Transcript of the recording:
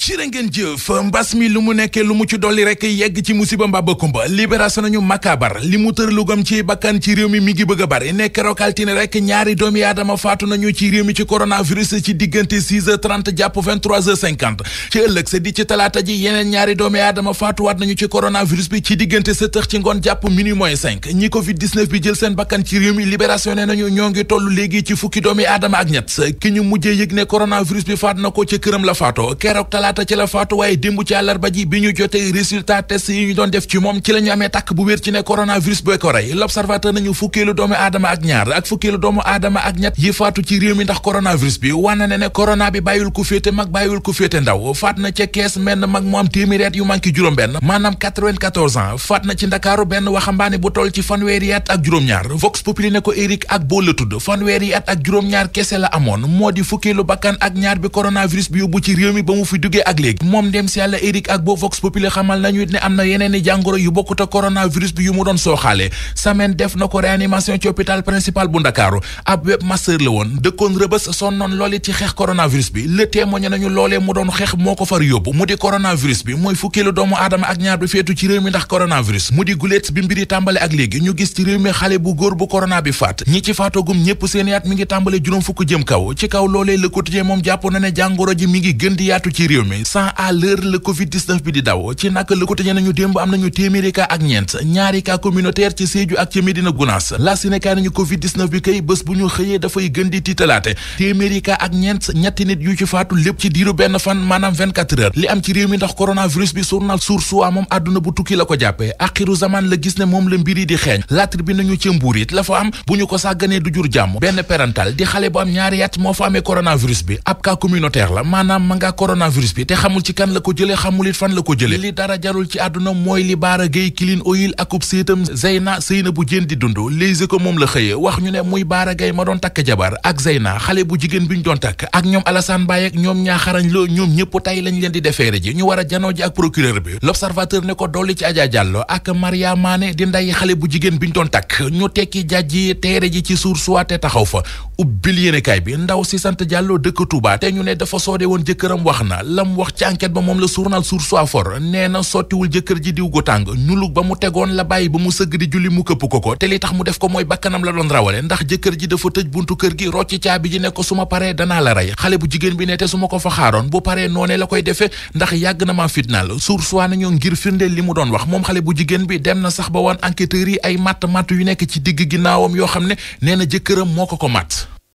jërë ngeen jëf mbas mi lu mu nekkee lu mu ci dolli rek yegg ci musiba mba bëkumba libération nañu makabar li mu tër lugam ci bakkan ci réew mi mi ngi bëgg a bari nekk rokaltine rek ñaari doomi aadama faatu nañu ci réew mi ci coronavirus ci diggante 6 heures 30 jàpp 23 heures ci ëllëg sa di ci talaata ji yeneen ñaari doomi aadama faatuwaat nañu ci coronavirus bi ci diggante 7 heures ci ngoon jàpp minuit moins 5 ñi covid 19 bi jël seen bakkan ci réew mi libération ne nañu ñoo ngi toll léegi ci fukki doomi aadama ak ñett ki ñu mujjee yëg ne coronavirus bi na ko ci këram la faatoo keroog talaata laata ci la faatu waaye démb ci àllarba ji bi ñu jotee résultat test yi ñu doon def ci moom ci la ñu amee tàkk bu wér ci ne coronavirus booy ko rey l'observateur nañu fukkeelu doomu aadama ak ñaar ak fukkeelu doomu aadama ak ñett yi faatu ci réew mi ndax coronavirus bi wane na ne corona bi bàyyul ko féete mag bàyyiwul ko féete ndaw faat na ca kees menn mag mu am téeméeri at yu manqué juróom-benn maanaam 94 ans faat na ci ndakaaru benn waxambaane bu toll ci fanweeri at ak juróom-ñaar Vox Populi ne ko Eric ak boo la tudd fanweeri at ak juróom-ñaar kese la amoon moo di fukkeelu bakkan ak ñaar bi coronavirus bi yóbbu ci réew mi ba jógee moom dem si yàlla Eric ak boo Vox Populi xamal nañu ne am na yeneen i jàngoro yu bokkut ak coronavirus bi yu mu doon sooxaale semaine def na ko réanimation ci hôpital principal bu Ndakaaru ab webmaster la woon dëkkoon rëbës sonnoon loole ci xeex coronavirus bi le témoigné nañu loolee mu doon xeex moo ko far yóbbu mu di coronavirus bi mooy fukkeelu doomu aadama ak ñaar bi feetu ci réew mi ndax coronavirus mu di guléet bi mbiri tàmbale ak léegi réew mi à l'heure la covid bi di daw ci naka la ko te nañu démb am nañu téeméeri ak ñeent ñaari cas communautaire ci Sédhiou ak ci Médina Gounass la Sénégal nañu covid bi kay bés bu ñu xëyee dafay gën di tiitalaate téeméeri ak ñeent ñetti nit yu ci faatu lépp ci diiru benn fan maanaam 24 heures li am ci réew mi ndax coronavirus bi journal Source A moom àdduna bu tukki la ko jàppee axiru zaman la gis ne moom la mbiri di xeeñ La bi ab xaalis bi te xamul ci kan la ko jële xamul it fan la ko jële li dara jarul ci àdduna mooy li baara géey kilin oyil akub séetam Zeyna Seyna bu jën di dund léegi ko moom la xëye wax ñu ne muy baara gay ma doon takk jabar ak Zeyna xale bu jigéen bi ñu doon takk ak ñoom Alassane Baye ak ñoom ñaaxarañ loo ñoom ñëpp tey lañ leen di defeere ji ñu war a janoo ji ak procureur bi l'observateur ne ko dolli ci Adja Diallo ak Maria Mané di nday xale bu jigéen bi ñu doon takk ñu tekki jajji teere ji ci suur suwaate taxaw fa ubbil yéenekaay bi ndaw si sant Diallo dëkk Touba te ñu ne dafa soode woon jëkkëram wax na mu wax ci enquête ba moom la journal Source A fort nee na sottiwul jëkkër ji diw gu tàng ñulug ba mu tegoon la bàyyi ba mu sëgg di julli mu këpp ko ko te li tax mu def ko mooy bakkanam la doon rawale ndax jëkkër ji dafa tëj buntu kër gi rocc caabi ji ne ko su ma paree danaa la rey xale bu jigéen bi ne te su ma ko fa xaaroon bu pare noonee la koy defee ndax yàgg na ma fitnaal Source A nañoo ngir firndeel li mu doon wax moom xale bu jigéen bi dem na sax ba woon enquêteurs yi ay matt matt yu nekk ci digg ginnaawam yoo xam ne nee na jëkkëram moo ko ko matt